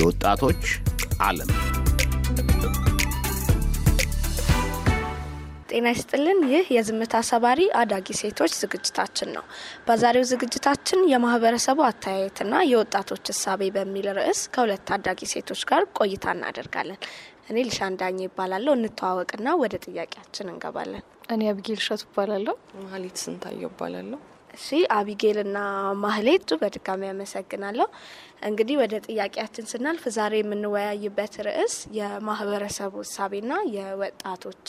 የወጣቶች ዓለም ጤና ይስጥልን። ይህ የዝምታ ሰባሪ አዳጊ ሴቶች ዝግጅታችን ነው። በዛሬው ዝግጅታችን የማህበረሰቡ አተያየትና የወጣቶች እሳቤ በሚል ርዕስ ከሁለት አዳጊ ሴቶች ጋር ቆይታ እናደርጋለን። እኔ ልሻንዳኝ ይባላለሁ። እንተዋወቅና ወደ ጥያቄያችን እንገባለን። እኔ አብጌል እሸቱ ይባላለሁ። መሀሌት ስንታየው ይባላለሁ። እሺ አቢጌልና ማህሌት በድጋሚ ያመሰግናለሁ። እንግዲህ ወደ ጥያቄያችን ስናልፍ ዛሬ የምንወያይበት ርዕስ የማህበረሰቡ እሳቤና የወጣቶች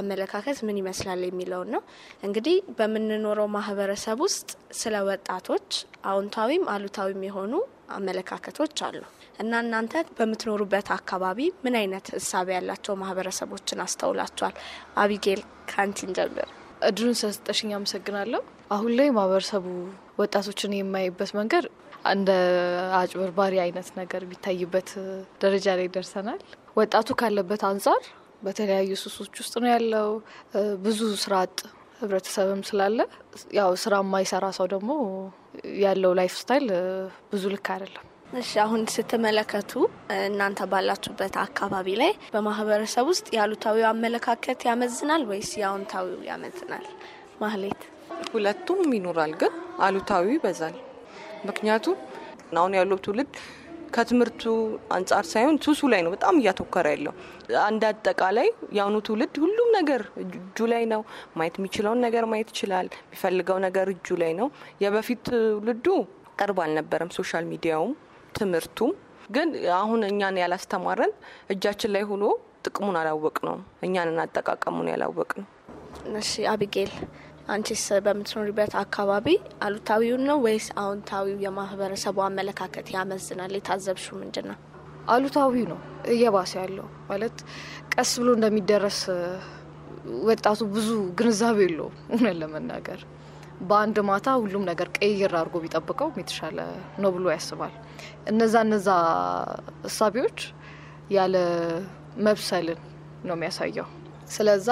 አመለካከት ምን ይመስላል የሚለውን ነው። እንግዲህ በምንኖረው ማህበረሰብ ውስጥ ስለ ወጣቶች አውንታዊም አሉታዊም የሆኑ አመለካከቶች አሉ እና እናንተ በምትኖሩበት አካባቢ ምን አይነት እሳቤ ያላቸው ማህበረሰቦችን አስተውላቸዋል አቢጌል ካንቲን ጀምር። እድሉን ስለሰጠሽኝ አመሰግናለሁ። አሁን ላይ ማህበረሰቡ ወጣቶችን የማይበት መንገድ እንደ አጭበርባሪ አይነት ነገር ቢታይበት ደረጃ ላይ ደርሰናል። ወጣቱ ካለበት አንጻር በተለያዩ ሱሶች ውስጥ ነው ያለው። ብዙ ስራ አጥ ህብረተሰብም ስላለ ያው ስራ የማይሰራ ሰው ደግሞ ያለው ላይፍ ስታይል ብዙ ልክ አይደለም። እሺ አሁን ስትመለከቱ እናንተ ባላችሁበት አካባቢ ላይ በማህበረሰብ ውስጥ ያሉታዊው አመለካከት ያመዝናል ወይስ የአዎንታዊው ያመዝናል? ማህሌት፣ ሁለቱም ይኖራል፣ ግን አሉታዊ ይበዛል። ምክንያቱም አሁን ያለው ትውልድ ከትምህርቱ አንጻር ሳይሆን ሱሱ ላይ ነው በጣም እያተኮረ ያለው። አንድ አጠቃላይ የአሁኑ ትውልድ ሁሉም ነገር እጁ ላይ ነው። ማየት የሚችለውን ነገር ማየት ይችላል። የሚፈልገው ነገር እጁ ላይ ነው። የበፊት ትውልዱ ቅርብ አልነበረም ሶሻል ሚዲያውም ትምህርቱም ግን አሁን እኛን ያላስተማረን እጃችን ላይ ሆኖ ጥቅሙን አላወቅ ነው። እኛንን አጠቃቀሙን ያላወቅ ነው። እሺ አቢጌል፣ አንቺስ በምትኖሪበት አካባቢ አሉታዊውን ነው ወይስ አዎንታዊው የማህበረሰቡ አመለካከት ያመዝናል? የታዘብሹ ምንድን ነው? አሉታዊው ነው እየባሰ ያለው ማለት ቀስ ብሎ እንደሚደረስ ወጣቱ ብዙ ግንዛቤ የለው ለመናገር በአንድ ማታ ሁሉም ነገር ቀይር አድርጎ ቢጠብቀው የተሻለ ነው ብሎ ያስባል። እነዛ እነዛ እሳቢዎች ያለ መብሰልን ነው የሚያሳየው። ስለዛ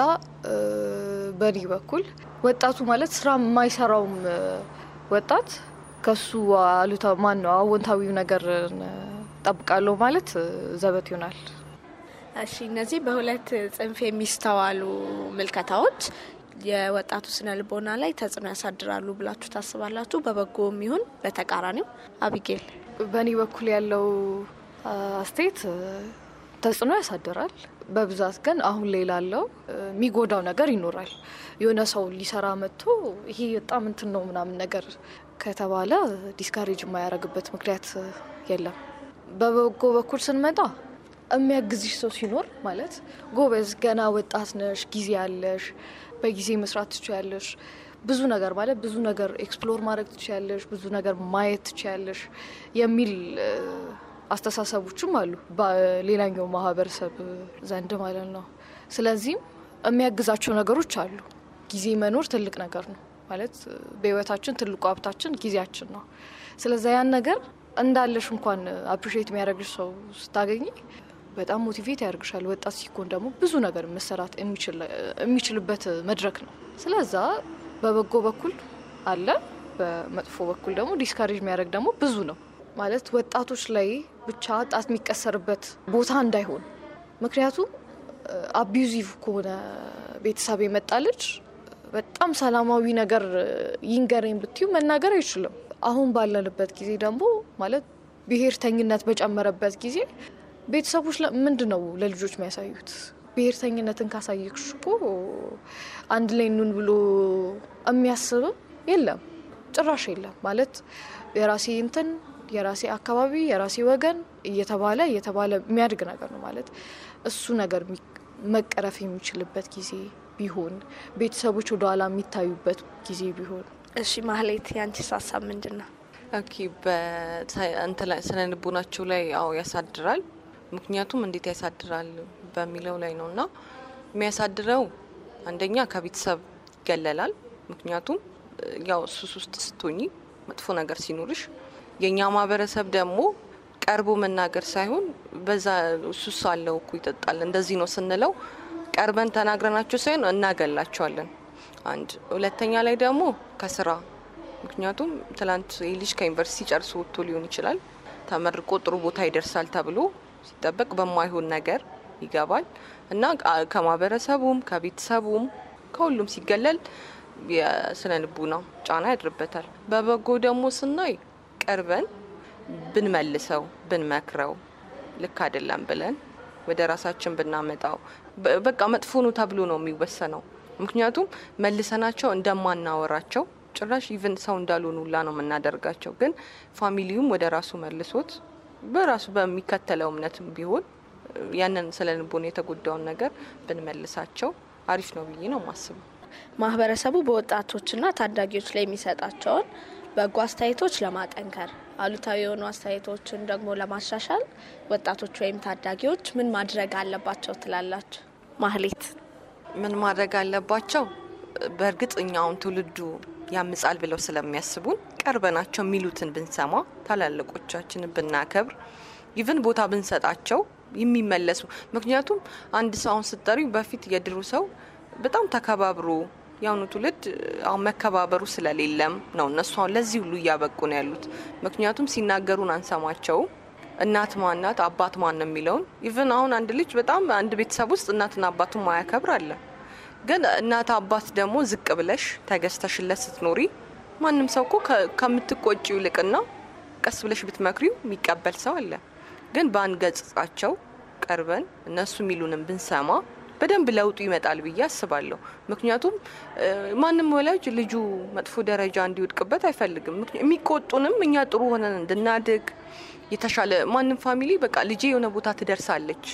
በእኔ በኩል ወጣቱ ማለት ስራ የማይሰራውም ወጣት ከሱ አሉታ ማን ነው አዎንታዊው ነገር ጠብቃለሁ ማለት ዘበት ይሆናል። እሺ እነዚህ በሁለት ጽንፍ የሚስተዋሉ ምልከታዎች የወጣቱ ስነ ልቦና ላይ ተጽዕኖ ያሳድራሉ ብላችሁ ታስባላችሁ? በበጎም ይሁን በተቃራኒው። አቢጌል፣ በእኔ በኩል ያለው አስተያየት ተጽዕኖ ያሳድራል። በብዛት ግን አሁን ላይ ላለው የሚጎዳው ነገር ይኖራል። የሆነ ሰው ሊሰራ መጥቶ ይሄ በጣም እንትን ነው ምናምን ነገር ከተባለ ዲስካሬጅ የማያደርግበት ምክንያት የለም። በበጎ በኩል ስንመጣ የሚያግዝሽ ሰው ሲኖር ማለት ጎበዝ፣ ገና ወጣት ነሽ፣ ጊዜ አለሽ በጊዜ መስራት ትችያለሽ። ብዙ ነገር ማለት ብዙ ነገር ኤክስፕሎር ማድረግ ትችያለሽ፣ ብዙ ነገር ማየት ትችያለሽ የሚል አስተሳሰቦችም አሉ በሌላኛው ማህበረሰብ ዘንድ ማለት ነው። ስለዚህም የሚያግዛቸው ነገሮች አሉ። ጊዜ መኖር ትልቅ ነገር ነው ማለት በህይወታችን ትልቁ ሀብታችን ጊዜያችን ነው። ስለዚ ያን ነገር እንዳለሽ እንኳን አፕሪሼት የሚያደርግሽ ሰው ስታገኝ በጣም ሞቲቬት ያደርግሻል። ወጣት ሲኮን ደግሞ ብዙ ነገር መሰራት የሚችልበት መድረክ ነው። ስለዛ በበጎ በኩል አለ፣ በመጥፎ በኩል ደግሞ ዲስካሬጅ የሚያደርግ ደግሞ ብዙ ነው ማለት ወጣቶች ላይ ብቻ ጣት የሚቀሰርበት ቦታ እንዳይሆን። ምክንያቱም አቢዩዚቭ ከሆነ ቤተሰብ የመጣ ልጅ በጣም ሰላማዊ ነገር ይንገረኝ ብትዩ መናገር አይችልም። አሁን ባለንበት ጊዜ ደግሞ ማለት ብሔርተኝነት በጨመረበት ጊዜ ቤተሰቦች ምንድን ነው ለልጆች የሚያሳዩት? ብሔርተኝነትን ካሳየሽ እኮ አንድ ላይ ኑን ብሎ የሚያስብም የለም፣ ጭራሽ የለም። ማለት የራሴ እንትን የራሴ አካባቢ የራሴ ወገን እየተባለ እየተባለ የሚያድግ ነገር ነው ማለት እሱ ነገር መቀረፍ የሚችልበት ጊዜ ቢሆን ቤተሰቦች ወደኋላ የሚታዩበት ጊዜ ቢሆን። እሺ ማህሌት፣ የአንቺስ ሀሳብ ምንድን ነው? ኦኬ በእንትን ላይ ስነ ልቡናቸው ላይ ያው ያሳድራል ምክንያቱም እንዴት ያሳድራል በሚለው ላይ ነው እና የሚያሳድረው አንደኛ ከቤተሰብ ይገለላል። ምክንያቱም ያው ሱስ ውስጥ ስትሆኚ መጥፎ ነገር ሲኖርሽ፣ የእኛ ማህበረሰብ ደግሞ ቀርቦ መናገር ሳይሆን በዛ ሱስ አለው እኮ ይጠጣል እንደዚህ ነው ስንለው ቀርበን ተናግረናቸው ሳይሆን እናገላቸዋለን። አንድ ሁለተኛ ላይ ደግሞ ከስራ ምክንያቱም ትላንት ይህ ልጅ ከዩኒቨርሲቲ ጨርሶ ወጥቶ ሊሆን ይችላል ተመርቆ ጥሩ ቦታ ይደርሳል ተብሎ ሲጠበቅ በማይሆን ነገር ይገባል እና ከማህበረሰቡም ከቤተሰቡም ከሁሉም ሲገለል የስነ ልቡና ጫና ያድርበታል። በበጎ ደግሞ ስናይ ቀርበን ብንመልሰው ብንመክረው ልክ አይደለም ብለን ወደ ራሳችን ብናመጣው በቃ መጥፎ ነው ተብሎ ነው የሚወሰነው። ምክንያቱም መልሰናቸው እንደማናወራቸው ጭራሽ ኢቨን ሰው እንዳልሆኑላ ሁላ ነው የምናደርጋቸው። ግን ፋሚሊውም ወደ ራሱ መልሶት በራሱ በሚከተለው እምነትም ቢሆን ያንን ስለ ልቡን የተጎዳውን ነገር ብንመልሳቸው አሪፍ ነው ብዬ ነው ማስበው ማህበረሰቡ በወጣቶችና ታዳጊዎች ላይ የሚሰጣቸውን በጎ አስተያየቶች ለማጠንከር አሉታዊ የሆኑ አስተያየቶችን ደግሞ ለማሻሻል ወጣቶች ወይም ታዳጊዎች ምን ማድረግ አለባቸው ትላላችሁ? ማህሌት፣ ምን ማድረግ አለባቸው? በእርግጥ እኛውን ትውልዱ ያምጻል ብለው ስለሚያስቡን ቀርበናቸው የሚሉትን ብንሰማ ታላላቆቻችንን ብናከብር ኢቭን ቦታ ብንሰጣቸው የሚመለሱ ምክንያቱም አንድ ሰው አሁን ስጠሪ በፊት የድሩ ሰው በጣም ተከባብሮ የአሁኑ ትውልድ አሁን መከባበሩ ስለሌለም ነው እነሱ አሁን ለዚህ ሁሉ እያበቁ ነው ያሉት። ምክንያቱም ሲናገሩን አንሰማቸው። እናት ማናት አባት ማን ነው የሚለውን ኢቭን አሁን አንድ ልጅ በጣም አንድ ቤተሰብ ውስጥ እናትና አባቱን ማያከብር አለ። ግን እናት አባት ደግሞ ዝቅ ብለሽ ተገዝተሽለት ስትኖሪ ማንም ሰው እኮ ከምትቆጪው ይልቅና ቀስ ብለሽ ብትመክሪው የሚቀበል ሰው አለ። ግን በአንድ ገጽጻቸው ቀርበን እነሱ የሚሉንም ብንሰማ በደንብ ለውጡ ይመጣል ብዬ አስባለሁ። ምክንያቱም ማንም ወላጅ ልጁ መጥፎ ደረጃ እንዲወድቅበት አይፈልግም። የሚቆጡንም እኛ ጥሩ ሆነን እንድናድግ የተሻለ ማንም ፋሚሊ በቃ ልጄ የሆነ ቦታ ትደርሳለች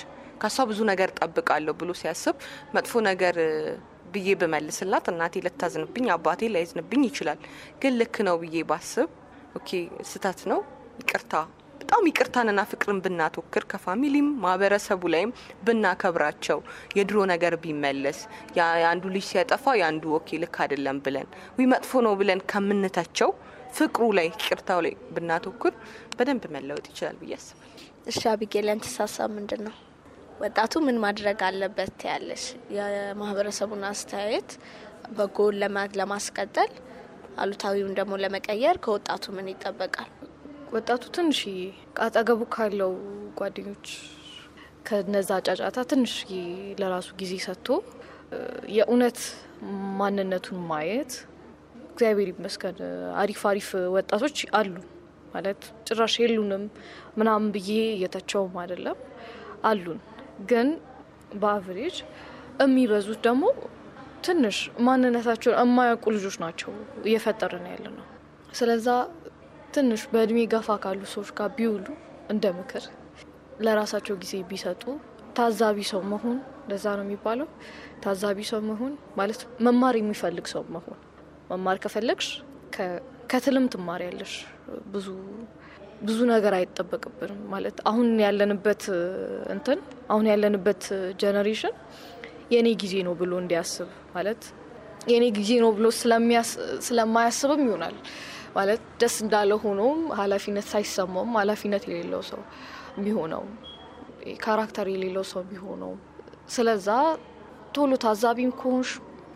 ከሷ ብዙ ነገር ጠብቃለሁ ብሎ ሲያስብ መጥፎ ነገር ብዬ ብመልስላት እናቴ ልታዝንብኝ፣ አባቴ ላይዝንብኝ ይችላል። ግን ልክ ነው ብዬ ባስብ ኦኬ ስህተት ነው፣ ይቅርታ በጣም ይቅርታንና ፍቅርን ብናትወክር ከፋሚሊም ማህበረሰቡ ላይም ብናከብራቸው የድሮ ነገር ቢመለስ የአንዱ ልጅ ሲያጠፋ የአንዱ ኦኬ ልክ አይደለም ብለን ዊ መጥፎ ነው ብለን ከምንተቸው ፍቅሩ ላይ ይቅርታው ላይ ብናትወክር በደንብ መለወጥ ይችላል ብዬ አስባለሁ። እሺ አቢጌል ያንተሳሳብ ምንድን ነው? ወጣቱ ምን ማድረግ አለበት ያለሽ የማህበረሰቡን አስተያየት በጎን ለማስቀጠል አሉታዊውን ደግሞ ለመቀየር ከወጣቱ ምን ይጠበቃል? ወጣቱ ትንሽ አጠገቡ ካለው ጓደኞች ከነዛ ጫጫታ ትንሽ ለራሱ ጊዜ ሰጥቶ የእውነት ማንነቱን ማየት። እግዚአብሔር ይመስገን አሪፍ አሪፍ ወጣቶች አሉ ማለት ጭራሽ የሉንም ምናምን ብዬ እየተቸውም አይደለም አሉን። ግን በአቨሬጅ የሚበዙት ደግሞ ትንሽ ማንነታቸውን የማያውቁ ልጆች ናቸው እየፈጠርን ያለ ነው። ስለዛ ትንሽ በእድሜ ገፋ ካሉ ሰዎች ጋር ቢውሉ እንደ ምክር ለራሳቸው ጊዜ ቢሰጡ ታዛቢ ሰው መሆን ለዛ ነው የሚባለው። ታዛቢ ሰው መሆን ማለት መማር የሚፈልግ ሰው መሆን። መማር ከፈለግሽ ከትልም ያለሽ ብዙ ብዙ ነገር አይጠበቅብንም ማለት አሁን ያለንበት እንትን አሁን ያለንበት ጀነሬሽን የኔ ጊዜ ነው ብሎ እንዲያስብ ማለት የኔ ጊዜ ነው ብሎ ስለማያስብም ይሆናል ማለት ደስ እንዳለ ሆኖም ኃላፊነት ሳይሰማውም ሀላፊነት የሌለው ሰው ቢሆነው ካራክተር የሌለው ሰው ቢሆነው ስለዛ ቶሎ ታዛቢም ከሆንሽ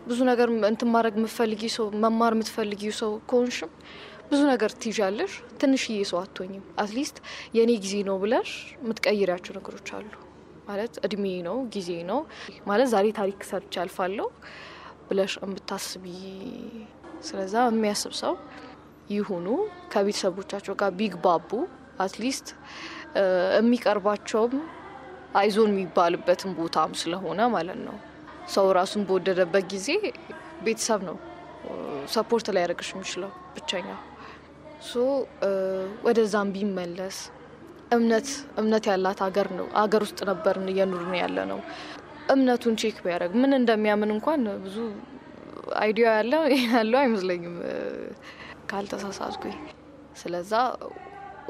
ብዙ ነገር እንትን ማድረግ የምትፈልጊ ሰው መማር የምትፈልጊ ሰው ከሆንሽም ብዙ ነገር ትይዣለሽ። ትንሽዬ ሰው አትሆኝም። አትሊስት የእኔ ጊዜ ነው ብለሽ የምትቀይሪያቸው ነገሮች አሉ ማለት እድሜ ነው ጊዜ ነው ማለት ዛሬ ታሪክ ሰርች አልፋለሁ ብለሽ እምታስቢ ስለዛ የሚያስብ ሰው ይሁኑ። ከቤተሰቦቻቸው ጋር ቢግባቡ አትሊስት የሚቀርባቸውም አይዞን የሚባልበትን ቦታም ስለሆነ ማለት ነው። ሰው ራሱን በወደደበት ጊዜ ቤተሰብ ነው ሰፖርት ላይ ያደረግሽ የሚችለው ብቸኛው ወደዛም ቢመለስ እምነት እምነት ያላት ሀገር ነው። ሀገር ውስጥ ነበርን እየኑር ነው ያለ ነው። እምነቱን ቼክ ቢያደርግ ምን እንደሚያምን እንኳን ብዙ አይዲያ ያለው ያለው አይመስለኝም ካልተሳሳትኩኝ። ስለዛ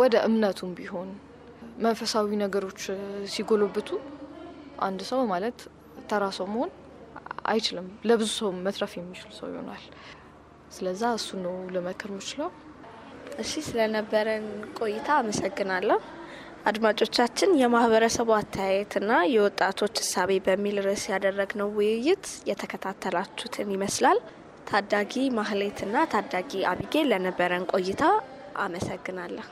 ወደ እምነቱም ቢሆን መንፈሳዊ ነገሮች ሲጎለብቱ አንድ ሰው ማለት ተራ ሰው መሆን አይችልም። ለብዙ ሰው መትረፍ የሚችል ሰው ይሆናል። ስለዛ እሱ ነው ልመክር ምችለው። እሺ፣ ስለነበረን ቆይታ አመሰግናለሁ። አድማጮቻችን የማህበረሰቡ አተያየትና የወጣቶች እሳቤ በሚል ርዕስ ያደረግነው ውይይት የተከታተላችሁትን ይመስላል። ታዳጊ ማህሌትና ታዳጊ አቢጌ ለነበረን ቆይታ አመሰግናለሁ።